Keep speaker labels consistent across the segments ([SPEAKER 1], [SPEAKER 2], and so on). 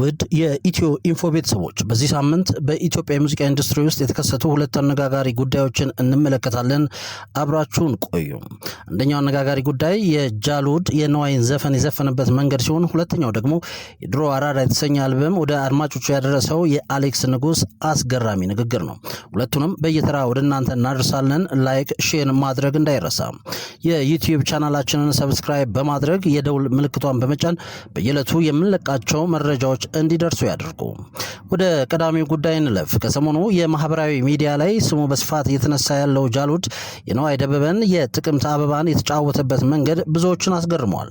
[SPEAKER 1] ውድ የኢትዮ ኢንፎ ቤተሰቦች በዚህ ሳምንት በኢትዮጵያ የሙዚቃ ኢንዱስትሪ ውስጥ የተከሰቱ ሁለት አነጋጋሪ ጉዳዮችን እንመለከታለን። አብራችሁን ቆዩ። አንደኛው አነጋጋሪ ጉዳይ የጃሉድ የነዋይን ዘፈን የዘፈነበት መንገድ ሲሆን፣ ሁለተኛው ደግሞ የድሮ አራዳ የተሰኘ አልበም ወደ አድማጮቹ ያደረሰው የአሌክስ ንጉስ አስገራሚ ንግግር ነው። ሁለቱንም በየተራ ወደ እናንተ እናደርሳለን። ላይክ ሼር ማድረግ እንዳይረሳ። የዩትዩብ ቻናላችንን ሰብስክራይብ በማድረግ የደውል ምልክቷን በመጫን በየዕለቱ የምንለቃቸው መረጃዎች መረጃዎች እንዲደርሱ ያድርጉ። ወደ ቀዳሚው ጉዳይ እንለፍ። ከሰሞኑ የማህበራዊ ሚዲያ ላይ ስሙ በስፋት እየተነሳ ያለው ጃሉድ የነዋይ ደበበን የጥቅምት አበባን የተጫወተበት መንገድ ብዙዎችን አስገርሟል።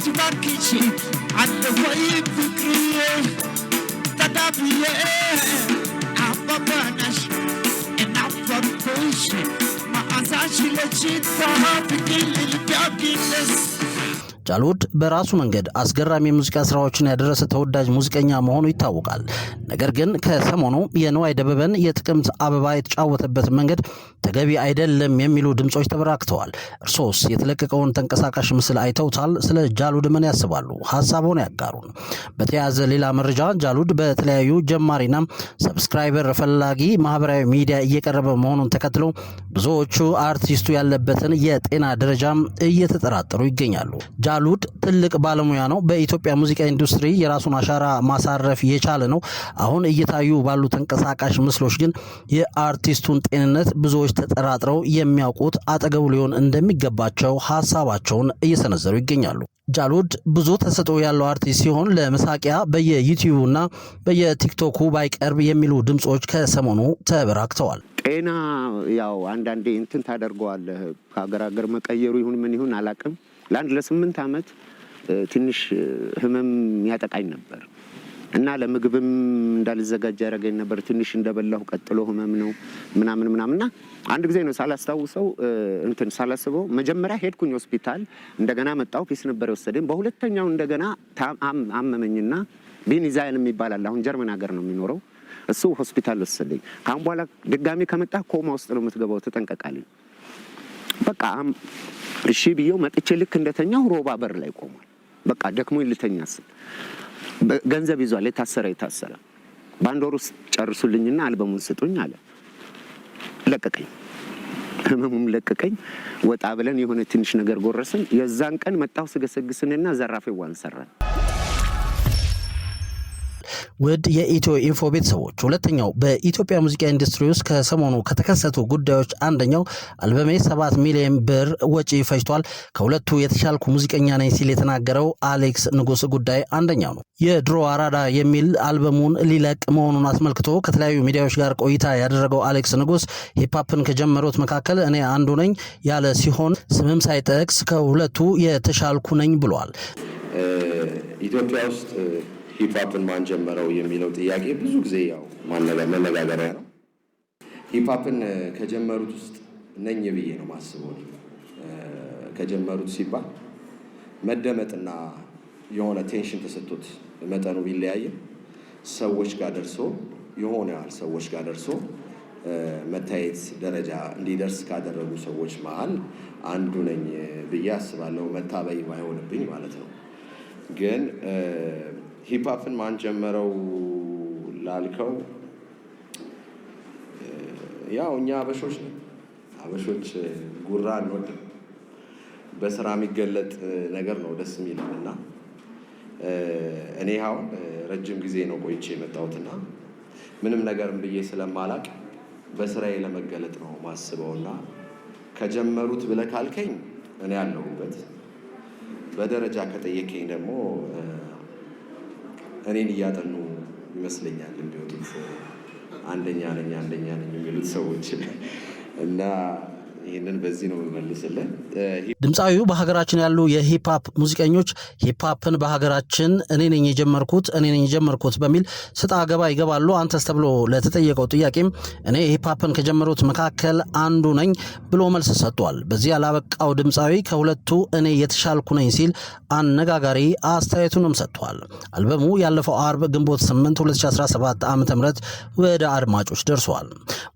[SPEAKER 1] to my kitchen and the way you create that I be I'm a banish and I'm from patient. My eyes are chill, cheat for her, picking little darkness. ጃሉድ በራሱ መንገድ አስገራሚ የሙዚቃ ስራዎችን ያደረሰ ተወዳጅ ሙዚቀኛ መሆኑ ይታወቃል። ነገር ግን ከሰሞኑ የንዋይ ደበበን የጥቅምት አበባ የተጫወተበት መንገድ ተገቢ አይደለም የሚሉ ድምፆች ተበራክተዋል። እርሶስ የተለቀቀውን ተንቀሳቃሽ ምስል አይተውታል? ስለ ጃሉድ ምን ያስባሉ? ሀሳቡን ያጋሩን። በተያያዘ ሌላ መረጃ ጃሉድ በተለያዩ ጀማሪና ሰብስክራይበር ፈላጊ ማህበራዊ ሚዲያ እየቀረበ መሆኑን ተከትሎ ብዙዎቹ አርቲስቱ ያለበትን የጤና ደረጃም እየተጠራጠሩ ይገኛሉ። ጃሉድ ትልቅ ባለሙያ ነው። በኢትዮጵያ ሙዚቃ ኢንዱስትሪ የራሱን አሻራ ማሳረፍ የቻለ ነው። አሁን እየታዩ ባሉ ተንቀሳቃሽ ምስሎች ግን የአርቲስቱን ጤንነት ብዙዎች ተጠራጥረው የሚያውቁት አጠገቡ ሊሆን እንደሚገባቸው ሀሳባቸውን እየሰነዘሩ ይገኛሉ። ጃሉድ ብዙ ተሰጥኦ ያለው አርቲስት ሲሆን ለመሳቂያ በየዩቲዩቡ እና በየቲክቶኩ ባይቀርብ የሚሉ ድምፆች ከሰሞኑ ተበራክተዋል።
[SPEAKER 2] ጤና ያው አንዳንዴ እንትን ታደርገዋለህ ከሀገር ሀገር መቀየሩ ይሁን ምን ይሁን አላቅም ለአንድ ለስምንት ዓመት ትንሽ ህመም ያጠቃኝ ነበር እና ለምግብም እንዳልዘጋጅ ያደረገኝ ነበር። ትንሽ እንደበላሁ ቀጥሎ ህመም ነው ምናምን ምናምን እና አንድ ጊዜ ነው ሳላስታውሰው እንትን ሳላስበው መጀመሪያ ሄድኩኝ ሆስፒታል። እንደገና መጣሁ። ፊስ ነበር የወሰደኝ። በሁለተኛው እንደገና አመመኝና ቤኒዛይን የሚባል አለ። አሁን ጀርመን ሀገር ነው የሚኖረው እሱ ሆስፒታል ወሰደኝ። ከአሁን በኋላ ድጋሚ ከመጣ ኮማ ውስጥ ነው የምትገባው ተጠንቀቃልኝ። በቃ እሺ ብዬው መጥቼ ልክ እንደተኛው ሮባ በር ላይ ቆሟል። በቃ ደክሞ ልተኛ ስል ገንዘብ ይዟል። የታሰረ የታሰረ በአንድ ወር ውስጥ ጨርሱልኝና አልበሙን ስጡኝ አለ። ለቀቀኝ፣ ህመሙም ለቀቀኝ። ወጣ ብለን የሆነ ትንሽ ነገር ጎረስን። የዛን ቀን መጣሁ ስገሰግስንና ዘራፌ ዋን ሰራን።
[SPEAKER 1] ውድ የኢትዮ ኢንፎ ቤተሰቦች ሁለተኛው በኢትዮጵያ ሙዚቃ ኢንዱስትሪ ውስጥ ከሰሞኑ ከተከሰቱ ጉዳዮች አንደኛው አልበሜ ሰባት ሚሊዮን ብር ወጪ ፈጅቷል፣ ከሁለቱ የተሻልኩ ሙዚቀኛ ነኝ ሲል የተናገረው አሌክስ ንጉስ ጉዳይ አንደኛው ነው። የድሮ አራዳ የሚል አልበሙን ሊለቅ መሆኑን አስመልክቶ ከተለያዩ ሚዲያዎች ጋር ቆይታ ያደረገው አሌክስ ንጉስ ሂፓፕን ከጀመሩት መካከል እኔ አንዱ ነኝ ያለ ሲሆን ስምም ሳይጠቅስ ከሁለቱ የተሻልኩ ነኝ ብሏል።
[SPEAKER 3] ኢትዮጵያ ውስጥ ሂፕሀፕን ማን ጀመረው የሚለው ጥያቄ ብዙ ጊዜ ያው መነጋገሪያ ነው። ሂፕሀፕን ከጀመሩት ውስጥ ነኝ ብዬ ነው ማስበው። ከጀመሩት ሲባል መደመጥና የሆነ ቴንሽን ተሰጥቶት መጠኑ ቢለያይም ሰዎች ጋር ደርሶ የሆነ ያህል ሰዎች ጋር ደርሶ መታየት ደረጃ እንዲደርስ ካደረጉ ሰዎች መሀል አንዱ ነኝ ብዬ አስባለሁ። መታበይ ባይሆንብኝ ማለት ነው ግን ሂፓፕን ማን ጀመረው ላልከው፣ ያው እኛ አበሾች ነው። አበሾች ጉራ እንወድም፣ በስራ የሚገለጥ ነገር ነው ደስ የሚልም እና እኔ አሁን ረጅም ጊዜ ነው ቆይቼ የመጣሁትና ምንም ነገርም ብዬ ስለማላቅ በስራዬ ለመገለጥ ነው ማስበውና ከጀመሩት ብለህ ካልከኝ እኔ ያለሁበት በደረጃ ከጠየከኝ ደግሞ እኔን እያጠኑ ይመስለኛል እንዲወጡት አንደኛ ነኝ አንደኛ ነኝ የሚሉት ሰዎች እና ይህንን በዚህ ነው የምመልስልህ።
[SPEAKER 1] ድምፃዊው በሀገራችን ያሉ የሂፕሀፕ ሙዚቀኞች ሂፕሀፕን በሀገራችን እኔ ነኝ የጀመርኩት እኔ ነኝ የጀመርኩት በሚል ስጣ ገባ ይገባሉ። አንተስ ተብሎ ለተጠየቀው ጥያቄም እኔ ሂፕሀፕን ከጀመሩት መካከል አንዱ ነኝ ብሎ መልስ ሰጥቷል። በዚህ ያላበቃው ድምፃዊ ከሁለቱ እኔ የተሻልኩ ነኝ ሲል አነጋጋሪ አስተያየቱንም ሰጥቷል። አልበሙ ያለፈው አርብ ግንቦት 8 2017 ዓ ም ወደ አድማጮች ደርሷል።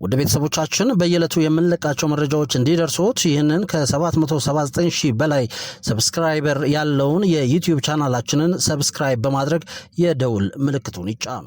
[SPEAKER 1] ወደ ቤተሰቦቻችን በየዕለቱ የምንለቃቸው መረጃዎች እንዲደርሱት ይህንን ከ779 ሺህ በላይ ሰብስክራይበር ያለውን የዩትዩብ ቻናላችንን ሰብስክራይብ በማድረግ የደውል ምልክቱን ይጫኑ።